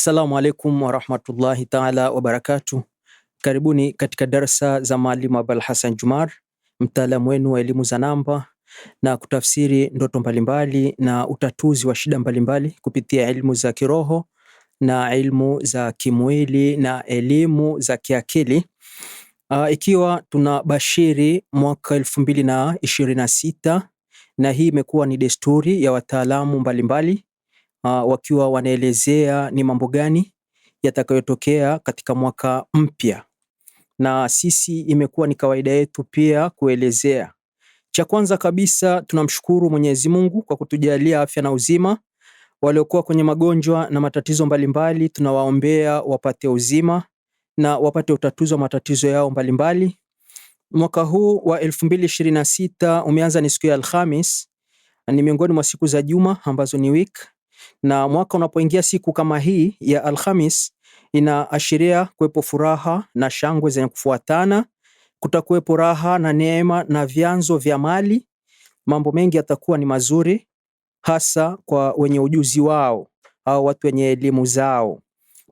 Assalamu alaikum warahmatullahi taala wabarakatu Karibuni katika darsa za Maalimu Abul Hasan Jumar, mtaalamu wenu wa elimu za namba na kutafsiri ndoto mbalimbali na utatuzi wa shida mbalimbali kupitia elimu za kiroho na elimu za kimwili na elimu za kiakili. Uh, ikiwa tuna bashiri mwaka elfu mbili na ishirini na sita na hii imekuwa ni desturi ya wataalamu mbalimbali uh, wakiwa wanaelezea ni mambo gani yatakayotokea katika mwaka mpya, na sisi imekuwa ni kawaida yetu pia kuelezea. Cha kwanza kabisa tunamshukuru Mwenyezi Mungu kwa kutujalia afya na uzima. Waliokuwa kwenye magonjwa na matatizo mbalimbali, tunawaombea wapate uzima na wapate utatuzi wa matatizo yao mbalimbali. Mwaka huu wa 2026 umeanza, ni siku ya Alhamis, ni miongoni mwa siku za juma ambazo ni week na mwaka unapoingia siku kama hii ya Alhamis inaashiria kuwepo furaha na shangwe zenye kufuatana. Kutakuwepo raha na neema na vyanzo vya mali. Mambo mengi yatakuwa ni mazuri, hasa kwa wenye ujuzi wao au watu wenye elimu zao,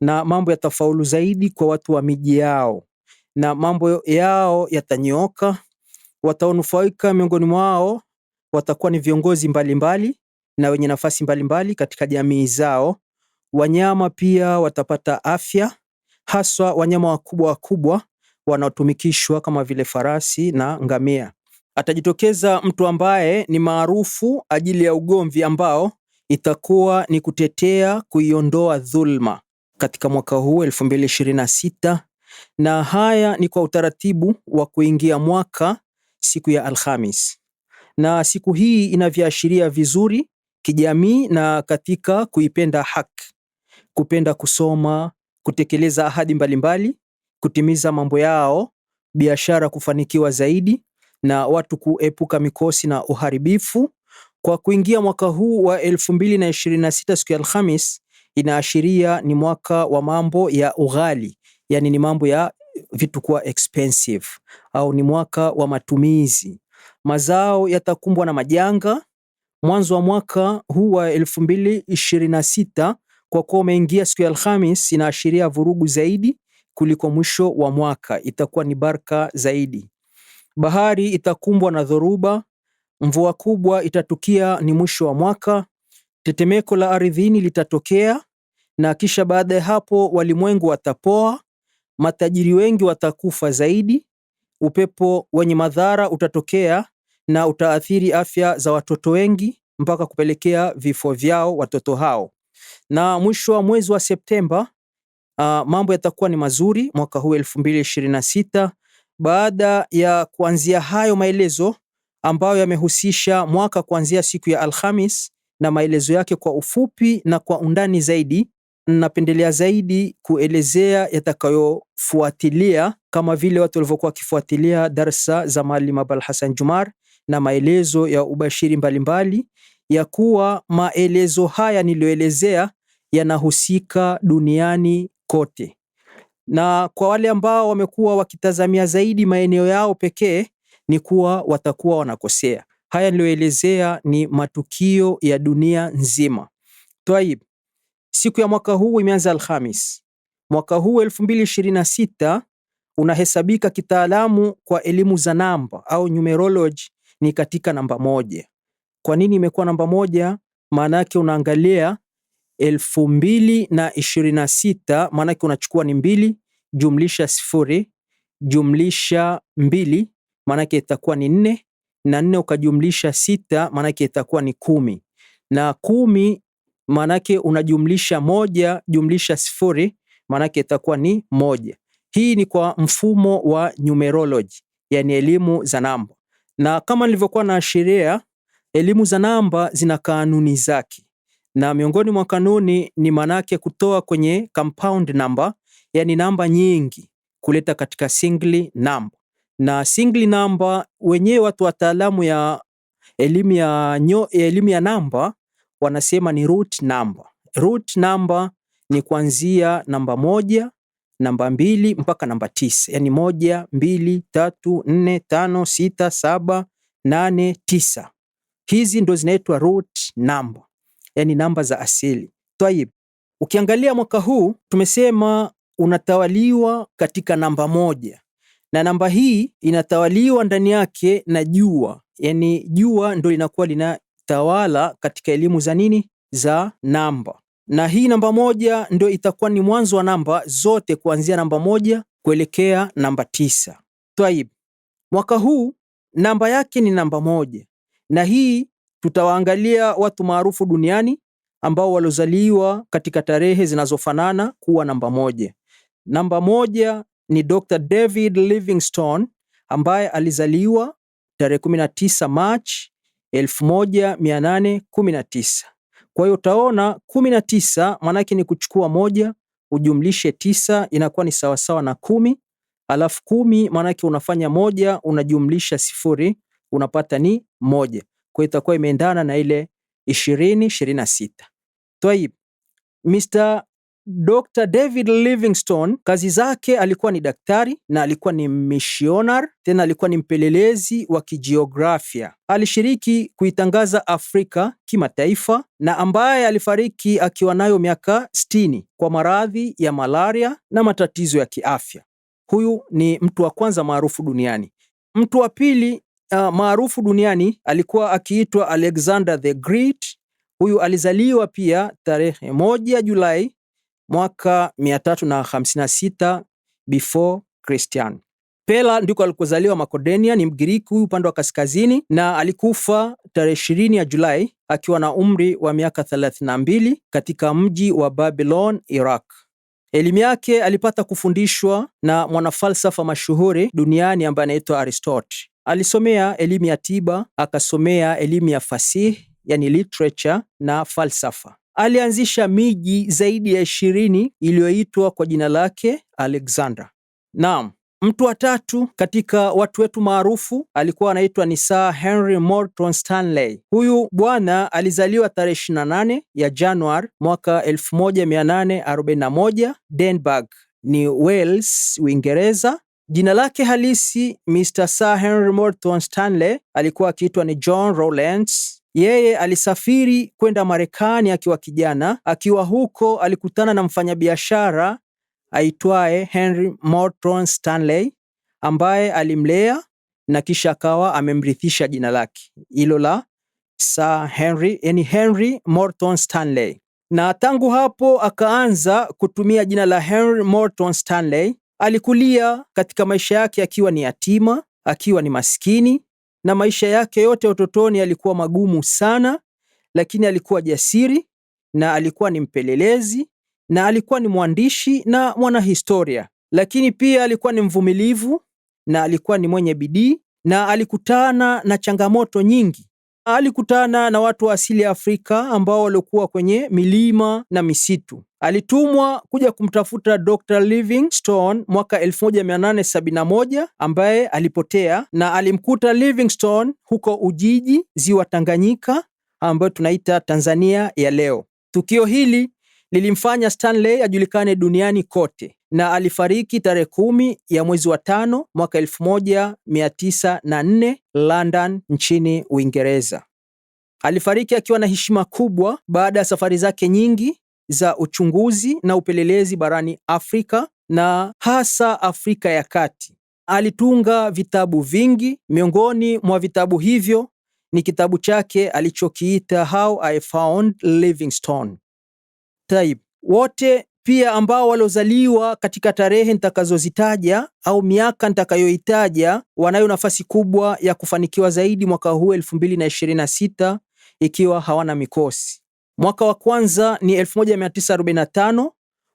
na mambo yatafaulu zaidi kwa watu wa miji yao, na mambo yao yatanyooka. Wataonufaika miongoni mwao watakuwa ni viongozi mbalimbali mbali, na wenye nafasi mbalimbali katika jamii zao. Wanyama pia watapata afya, haswa wanyama wakubwa wakubwa wanaotumikishwa kama vile farasi na ngamia. Atajitokeza mtu ambaye ni maarufu ajili ya ugomvi ambao itakuwa ni kutetea kuiondoa dhulma katika mwaka huu 2026, na haya ni kwa utaratibu wa kuingia mwaka siku ya Alhamis, na siku hii inavyoashiria vizuri kijamii na katika kuipenda haki, kupenda kusoma, kutekeleza ahadi mbalimbali, kutimiza mambo yao, biashara kufanikiwa zaidi na watu kuepuka mikosi na uharibifu. Kwa kuingia mwaka huu wa 2026 siku ya Alhamis inaashiria ni mwaka wa mambo ya ughali, yani ni mambo ya vitu kuwa expensive au ni mwaka wa matumizi. Mazao yatakumbwa na majanga mwanzo wa mwaka huu wa 2026 kwa kuwa umeingia siku ya Alhamis, inaashiria vurugu zaidi kuliko mwisho wa mwaka. Itakuwa ni baraka zaidi. Bahari itakumbwa na dhoruba, mvua kubwa itatukia ni mwisho wa mwaka, tetemeko la ardhini litatokea, na kisha baada ya hapo walimwengu watapoa, matajiri wengi watakufa zaidi, upepo wenye madhara utatokea na utaathiri afya za watoto wengi mpaka kupelekea vifo vyao watoto hao. Na mwisho wa mwezi wa Septemba uh, mambo yatakuwa ni mazuri mwaka huu 2026 baada ya kuanzia hayo maelezo ambayo yamehusisha mwaka kuanzia siku ya Alhamis na maelezo yake kwa ufupi na kwa undani zaidi, napendelea zaidi kuelezea yatakayofuatilia kama vile watu walivyokuwa wakifuatilia darsa za Maalim Abul Hassan Jumar na maelezo ya ubashiri mbalimbali ya kuwa maelezo haya niliyoelezea yanahusika duniani kote. Na kwa wale ambao wamekuwa wakitazamia zaidi maeneo yao pekee ni kuwa watakuwa wanakosea. Haya niliyoelezea ni matukio ya dunia nzima. Twaib, siku ya mwaka huu imeanza Alhamis. Mwaka huu 2026 unahesabika kitaalamu kwa elimu za namba au numerology ni katika namba moja. Kwa nini imekuwa namba moja? Maana yake unaangalia elfu mbili na ishirini na sita maana yake unachukua ni mbili jumlisha sifuri jumlisha mbili maana yake itakuwa ni nne na nne ukajumlisha sita maana yake itakuwa ni kumi na kumi maana yake unajumlisha moja jumlisha sifuri maana yake itakuwa ni moja. Hii ni kwa mfumo wa numerology, yani elimu za namba. Na kama nilivyokuwa naashiria, elimu za namba zina kanuni zake, na miongoni mwa kanuni ni manake kutoa kwenye compound number, yani namba nyingi kuleta katika single number. Na single number wenyewe watu wataalamu ya elimu ya nyo, elimu ya namba wanasema ni root number. Root number ni kuanzia namba moja namba mbili mpaka namba tisa yani moja, mbili, tatu, nne, tano, sita, saba, nane, tisa. Hizi ndo zinaitwa root number, yani namba za asili. Tayib, ukiangalia mwaka huu tumesema unatawaliwa katika namba moja na namba hii inatawaliwa ndani yake na jua, yani jua ndo linakuwa linatawala katika elimu za nini za namba na hii namba moja ndio itakuwa ni mwanzo wa namba zote kuanzia namba moja kuelekea namba tisa. Twaib, mwaka huu namba yake ni namba moja, na hii tutawaangalia watu maarufu duniani ambao waliozaliwa katika tarehe zinazofanana kuwa namba moja. Namba moja ni Dr. David Livingstone ambaye alizaliwa tarehe 19 Machi 1819. Kwa hiyo utaona kumi na tisa maanake ni kuchukua moja ujumlishe tisa inakuwa ni sawasawa na kumi. Alafu kumi maanake unafanya moja unajumlisha sifuri unapata ni moja. Kwa hiyo itakuwa imeendana na ile ishirini ishirini na sita. Tayib, Mr Dr. David Livingstone kazi zake, alikuwa ni daktari na alikuwa ni missionar, tena alikuwa ni mpelelezi wa kijiografia. Alishiriki kuitangaza Afrika kimataifa na ambaye alifariki akiwa nayo miaka 60 kwa maradhi ya malaria na matatizo ya kiafya. Huyu ni mtu wa kwanza maarufu duniani. Mtu wa pili uh, maarufu duniani alikuwa akiitwa Alexander the Great. Huyu alizaliwa pia tarehe moja Julai mwaka 356 before Christian. Pela ndiko alikozaliwa Makedonia, ni Mgiriki upande wa kaskazini, na alikufa tarehe 20 ya Julai akiwa na umri wa miaka 32 katika mji wa Babylon, Iraq. Elimu yake alipata kufundishwa na mwanafalsafa mashuhuri duniani ambaye anaitwa Aristotle. Alisomea elimu ya tiba, akasomea elimu ya fasihi, yani literature na falsafa alianzisha miji zaidi ya ishirini iliyoitwa kwa jina lake Alexander. Naam, mtu wa tatu katika watu wetu maarufu alikuwa anaitwa ni Sir Henry Morton Stanley. Huyu bwana alizaliwa tarehe 28 ya Januari mwaka 1841 denburg ni Wales, Uingereza. Jina lake halisi Mr Sir Henry Morton Stanley alikuwa akiitwa ni John Rowlands yeye alisafiri kwenda Marekani akiwa kijana. Akiwa huko alikutana na mfanyabiashara aitwaye Henry Morton Stanley ambaye alimlea na kisha akawa amemrithisha jina lake hilo la Sir Henry, yani Henry Morton Stanley, na tangu hapo akaanza kutumia jina la Henry Morton Stanley. Alikulia katika maisha yake akiwa ni yatima, akiwa ni maskini, na maisha yake yote ya utotoni alikuwa magumu sana, lakini alikuwa jasiri na alikuwa ni mpelelezi na alikuwa ni mwandishi na mwanahistoria, lakini pia alikuwa ni mvumilivu na alikuwa ni mwenye bidii na alikutana na changamoto nyingi alikutana na watu wa asili ya Afrika ambao waliokuwa kwenye milima na misitu. Alitumwa kuja kumtafuta Dr. Livingstone mwaka 1871 ambaye alipotea na alimkuta Livingstone huko Ujiji, ziwa Tanganyika ambayo tunaita Tanzania ya leo. Tukio hili lilimfanya Stanley ajulikane duniani kote na alifariki tarehe kumi ya mwezi wa tano mwaka 1904 London nchini Uingereza. Alifariki akiwa na heshima kubwa baada ya safari zake nyingi za uchunguzi na upelelezi barani Afrika na hasa Afrika ya Kati. Alitunga vitabu vingi, miongoni mwa vitabu hivyo ni kitabu chake alichokiita How I Found Livingstone. Taib, wote pia ambao waliozaliwa katika tarehe nitakazozitaja au miaka nitakayoitaja wanayo nafasi kubwa ya kufanikiwa zaidi mwaka huu 2026 ikiwa hawana mikosi. Mwaka wa kwanza ni 1945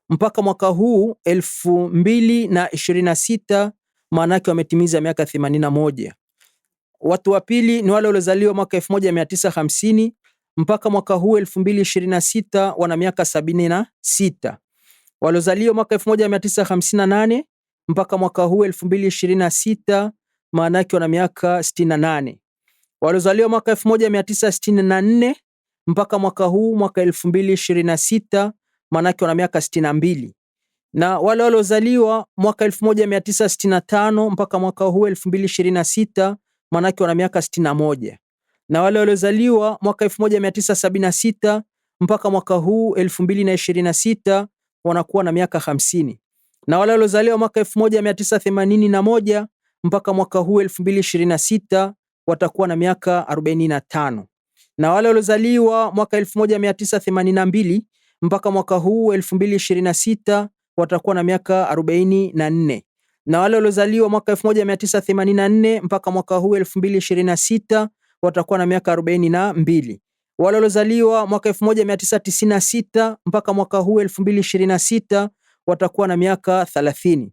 mpaka mwaka huu 2026, maanake wametimiza miaka 81. Watu wa pili ni wale waliozaliwa mwaka 1950 mpaka mwaka huu 2026 wana miaka 76. Waliozaliwa mwaka 1958 mpaka mwaka huu 2026, maana yake wana miaka 68. Waliozaliwa mwaka 1964 mpaka mwaka huu mwaka 2026, maana yake wana miaka 62 na wale waliozaliwa mwaka 1965 mpaka mwaka huu 2026 maana yake wana miaka 61, na wale waliozaliwa mwaka 1976 mpaka mwaka huu 2026 wanakuwa na miaka hamsini na wale waliozaliwa mwaka 1981 mpaka mwaka huu 2026 watakuwa na miaka 45 na wale waliozaliwa mwaka 1982 mpaka mwaka huu 2026 watakuwa na miaka 44 na wale waliozaliwa mwaka 1984 mpaka mwaka huu 2026 watakuwa na miaka 42 wale waliozaliwa mwaka 1996 mpaka mwaka huu 2026 watakuwa na miaka 30.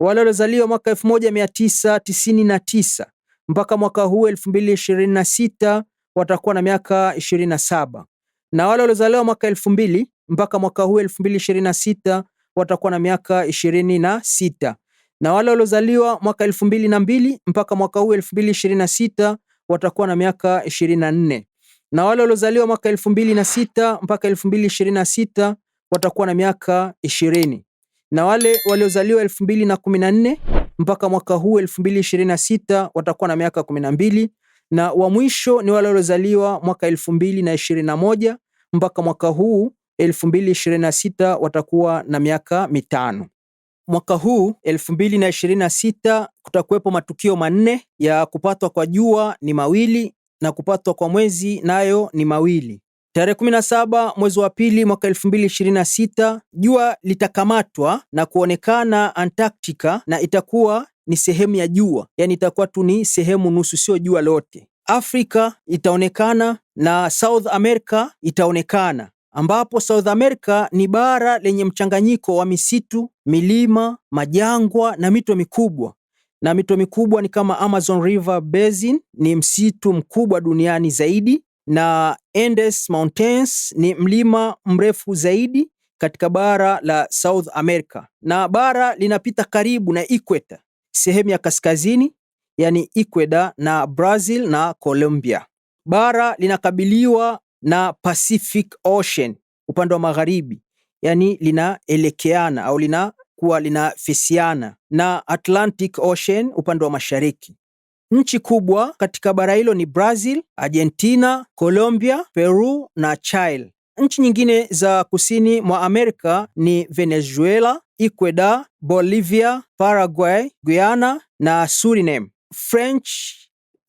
Wale waliozaliwa mwaka 1999 mpaka mwaka huu 2026 watakuwa na miaka 27, na wale waliozaliwa mwaka 2000 mpaka mwaka huu 2026 watakuwa na miaka 26, na wale waliozaliwa mwaka 2002 mpaka mwaka huu 2026 watakuwa na miaka 24 na wale waliozaliwa mwaka 2006 mpaka 2026 watakuwa na miaka 20 na wale waliozaliwa 2014 mpaka mwaka huu 2026 watakuwa na miaka 12 na wa mwisho ni wale waliozaliwa mwaka 2021 mpaka mwaka huu 2026 watakuwa na miaka mitano. Mwaka huu 2026 kutakuwepo matukio manne ya kupatwa kwa jua ni mawili na kupatwa kwa mwezi nayo ni mawili. Tarehe 17 mwezi wa pili mwaka 2026 jua litakamatwa na kuonekana Antarctica na itakuwa ni sehemu ya jua, yani itakuwa tu ni sehemu nusu, sio jua lote. Afrika itaonekana na South America itaonekana, ambapo South America ni bara lenye mchanganyiko wa misitu, milima, majangwa na mito mikubwa na mito mikubwa ni kama Amazon River Basin ni msitu mkubwa duniani zaidi, na Andes Mountains ni mlima mrefu zaidi katika bara la South America, na bara linapita karibu na equator, sehemu ya kaskazini, yani ikweta na Brazil na Colombia. Bara linakabiliwa na Pacific Ocean upande wa magharibi, yani linaelekeana au lina kuwa linafisiana na Atlantic Ocean upande wa mashariki. Nchi kubwa katika bara hilo ni Brazil, Argentina, Colombia, Peru na Chile. Nchi nyingine za kusini mwa Amerika ni Venezuela, Ecuador, Bolivia, Paraguay, Guyana na Suriname. French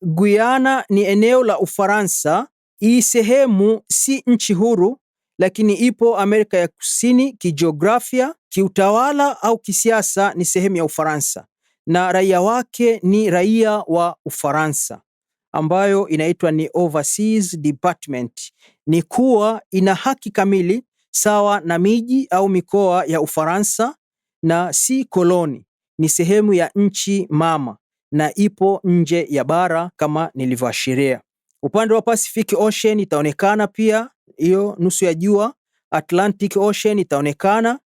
Guyana ni eneo la Ufaransa. Hii sehemu si nchi huru, lakini ipo Amerika ya Kusini kijiografia kiutawala au kisiasa ni sehemu ya Ufaransa na raia wake ni raia wa Ufaransa ambayo inaitwa ni Overseas Department, ni kuwa ina haki kamili sawa na miji au mikoa ya Ufaransa na si koloni. Ni sehemu ya nchi mama na ipo nje ya bara kama nilivyoashiria. Upande wa Pacific Ocean itaonekana pia hiyo nusu ya jua. Atlantic Ocean itaonekana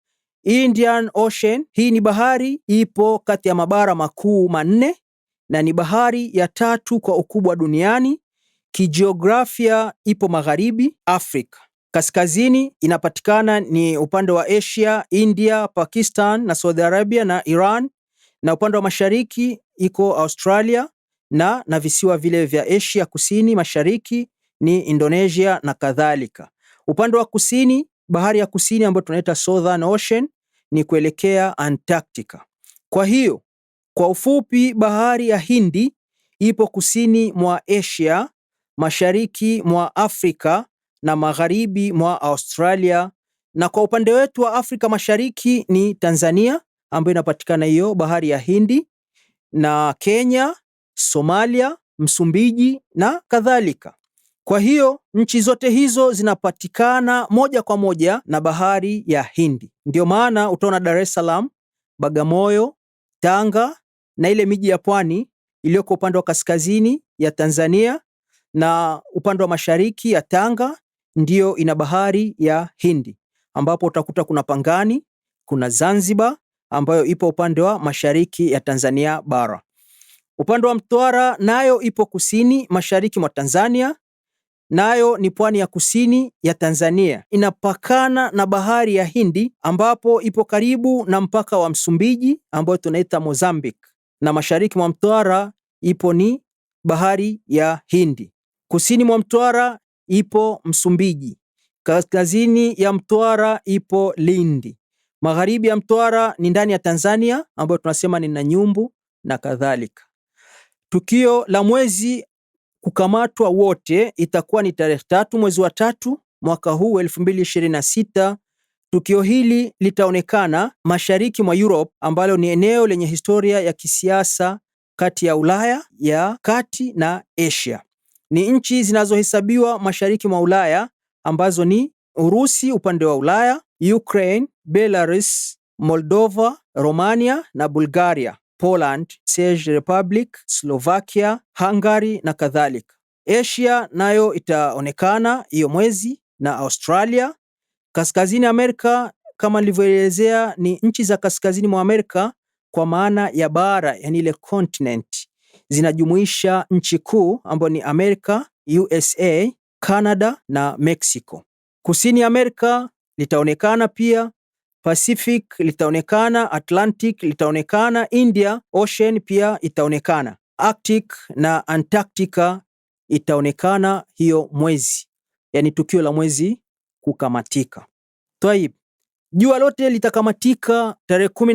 Indian Ocean. Hii ni bahari ipo kati ya mabara makuu manne na ni bahari ya tatu kwa ukubwa duniani. Kijiografia ipo magharibi Afrika, kaskazini inapatikana ni upande wa Asia, India, Pakistan na Saudi Arabia na Iran, na upande wa mashariki iko Australia na na visiwa vile vya Asia kusini mashariki ni Indonesia na kadhalika. Upande wa kusini, bahari ya kusini ambayo tunaita Southern Ocean ni kuelekea Antarctica. Kwa hiyo kwa ufupi, bahari ya Hindi ipo kusini mwa Asia, mashariki mwa Afrika na magharibi mwa Australia, na kwa upande wetu wa Afrika Mashariki ni Tanzania ambayo inapatikana hiyo bahari ya Hindi na Kenya, Somalia, Msumbiji na kadhalika. Kwa hiyo nchi zote hizo zinapatikana moja kwa moja na bahari ya Hindi. ndio maana utaona Dar es Salaam, Bagamoyo, Tanga na ile miji ya pwani iliyoko upande wa kaskazini ya Tanzania na upande wa mashariki ya Tanga ndiyo ina bahari ya Hindi, ambapo utakuta kuna Pangani, kuna Zanzibar ambayo ipo upande wa mashariki ya Tanzania bara. Upande wa Mtwara nayo ipo kusini mashariki mwa Tanzania nayo ni pwani ya kusini ya Tanzania. Inapakana na bahari ya Hindi ambapo ipo karibu na mpaka wa Msumbiji ambayo tunaita Mozambique, na mashariki mwa Mtwara ipo ni bahari ya Hindi. Kusini mwa Mtwara ipo Msumbiji, kaskazini ya Mtwara ipo Lindi, magharibi ya Mtwara ni ndani ya Tanzania ambayo tunasema ni Nanyumbu na kadhalika. Tukio la mwezi kukamatwa wote itakuwa ni tarehe tatu mwezi wa tatu mwaka huu 2026. Tukio hili litaonekana mashariki mwa Europe ambalo ni eneo lenye historia ya kisiasa kati ya Ulaya ya kati na Asia. Ni nchi zinazohesabiwa mashariki mwa Ulaya ambazo ni Urusi upande wa Ulaya, Ukraine, Belarus, Moldova, Romania na Bulgaria. Poland, Czech Republic, Slovakia, Hungary na kadhalika. Asia nayo itaonekana hiyo mwezi na Australia. Kaskazini Amerika kama nilivyoelezea ni nchi za kaskazini mwa Amerika kwa maana ya bara, yani ile continent. Zinajumuisha nchi kuu ambayo ni Amerika, USA, Canada na Mexico. Kusini Amerika litaonekana pia Pacific litaonekana, Atlantic litaonekana, India Ocean pia itaonekana, Arctic na Antarctica itaonekana hiyo mwezi, yaani tukio la mwezi kukamatika. Twaib, jua lote litakamatika tarehe kumi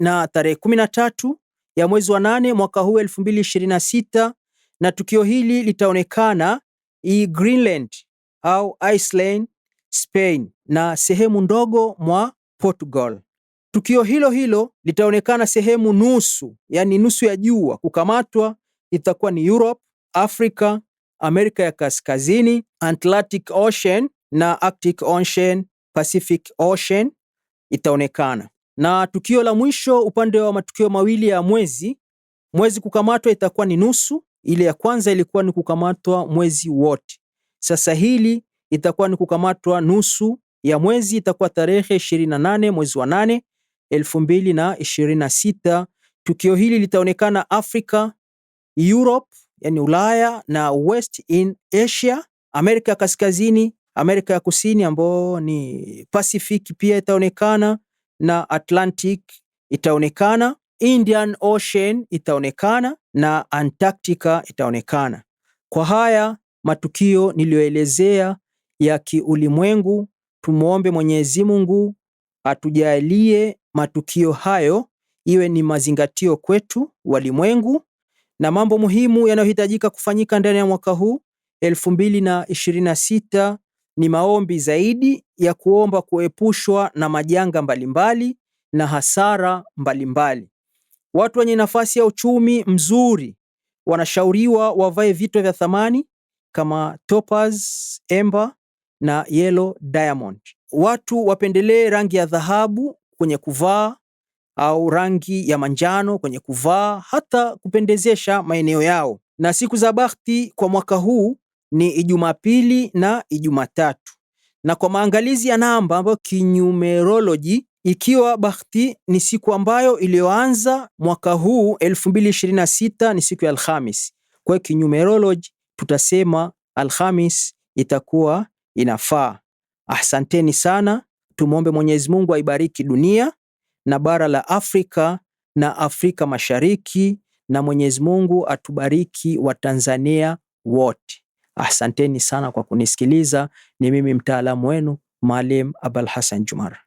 na tarehe tatu ya mwezi wa nane mwaka huu sita na tukio hili litaonekana i Greenland au Iceland, Spain na sehemu ndogo mwa Portugal. Tukio hilo hilo litaonekana sehemu nusu, yani nusu ya jua kukamatwa itakuwa ni Europe, Afrika, Amerika ya Kaskazini, Atlantic Ocean na Arctic Ocean, Pacific Ocean itaonekana. Na tukio la mwisho upande wa matukio mawili ya mwezi, mwezi kukamatwa itakuwa ni nusu. Ile ya kwanza ilikuwa ni kukamatwa mwezi wote, sasa hili itakuwa ni kukamatwa nusu ya mwezi itakuwa tarehe 28 mwezi wa 8 2026. Tukio hili litaonekana Afrika, Europe yani Ulaya na West in Asia, Amerika ya Kaskazini, Amerika ya Kusini ambao ni Pacific pia itaonekana na Atlantic itaonekana, Indian Ocean itaonekana na Antarctica itaonekana. Kwa haya matukio niliyoelezea ya kiulimwengu Tumwombe Mwenyezi Mungu atujalie matukio hayo iwe ni mazingatio kwetu walimwengu na mambo muhimu yanayohitajika kufanyika ndani ya mwaka huu 2026 ni maombi zaidi ya kuomba kuepushwa na majanga mbalimbali na hasara mbalimbali. Watu wenye nafasi ya uchumi mzuri wanashauriwa wavae vito vya thamani kama topaz, emba na yellow diamond. Watu wapendelee rangi ya dhahabu kwenye kuvaa au rangi ya manjano kwenye kuvaa, hata kupendezesha maeneo yao. Na siku za bakhti kwa mwaka huu ni Ijumaa pili na Ijumaa tatu. Na kwa maangalizi ya namba ambayo kinumerology, ikiwa bakhti ni siku ambayo iliyoanza mwaka huu 2026 ni siku ya Alhamis. Kwa hiyo kinumerology tutasema Alhamis itakuwa inafaa. Asanteni sana. Tumwombe Mwenyezi Mungu aibariki dunia na bara la Afrika na Afrika Mashariki, na Mwenyezi Mungu atubariki Watanzania wote. Asanteni sana kwa kunisikiliza. Ni mimi mtaalamu wenu Mwalimu Abul Hassan jumara